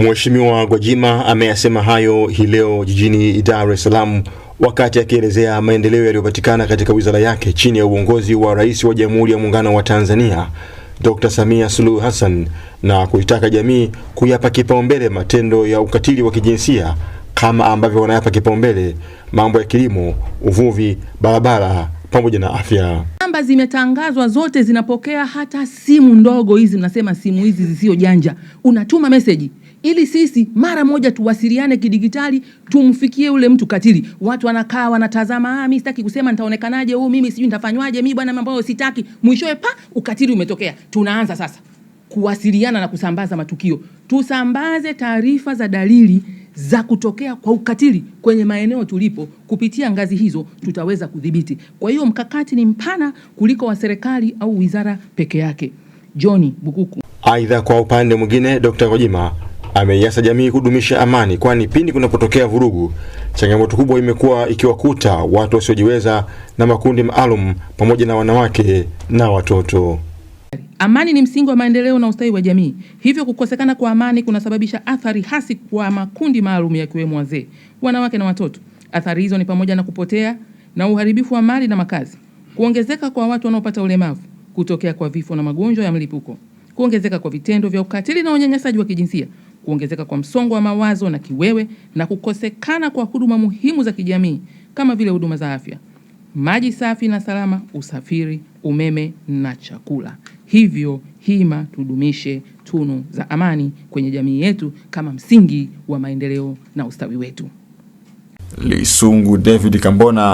Mheshimiwa Gwajima ameyasema hayo hii leo jijini Dar es Salaam wakati akielezea maendeleo yaliyopatikana katika wizara yake chini ya uongozi wa Rais wa Jamhuri ya Muungano wa Tanzania Dr. Samia Suluhu Hassan na kuitaka jamii kuyapa kipaumbele matendo ya ukatili wa kijinsia kama ambavyo wanayapa kipaumbele mambo ya kilimo, uvuvi, barabara pamoja na afya. Namba zimetangazwa zote, zinapokea hata simu ndogo hizi, mnasema simu hizi zisizo janja, unatuma meseji ili sisi mara moja tuwasiliane kidigitali, tumfikie ule mtu katili. Watu wanakaa wanatazama, ah, mimi sitaki kusema, nitaonekanaje huu? Oh, mimi sijui nitafanywaje, mimi bwana, mambo sitaki. Mwishowe pa ukatili umetokea. Tunaanza sasa kuwasiliana na kusambaza matukio, tusambaze taarifa za dalili za kutokea kwa ukatili kwenye maeneo tulipo. Kupitia ngazi hizo tutaweza kudhibiti. Kwa hiyo mkakati ni mpana kuliko wa serikali au wizara peke yake. John Bukuku. Aidha, kwa upande mwingine Dr. Gwajima ameiasa jamii kudumisha amani, kwani pindi kunapotokea vurugu, changamoto kubwa imekuwa ikiwakuta watu wasiojiweza na makundi maalum pamoja na wanawake na watoto. Amani ni msingi wa maendeleo na ustawi wa jamii, hivyo kukosekana kwa amani kunasababisha athari hasi kwa makundi maalum yakiwemo wazee, wanawake na watoto. Athari hizo ni pamoja na kupotea na uharibifu wa mali na makazi, kuongezeka kwa watu wanaopata ulemavu, kutokea kwa vifo na magonjwa ya mlipuko, kuongezeka kwa vitendo vya ukatili na unyanyasaji wa kijinsia kuongezeka kwa msongo wa mawazo na kiwewe, na kukosekana kwa huduma muhimu za kijamii kama vile huduma za afya, maji safi na salama, usafiri, umeme na chakula. Hivyo hima tudumishe tunu za amani kwenye jamii yetu kama msingi wa maendeleo na ustawi wetu. Lisungu David Kambona.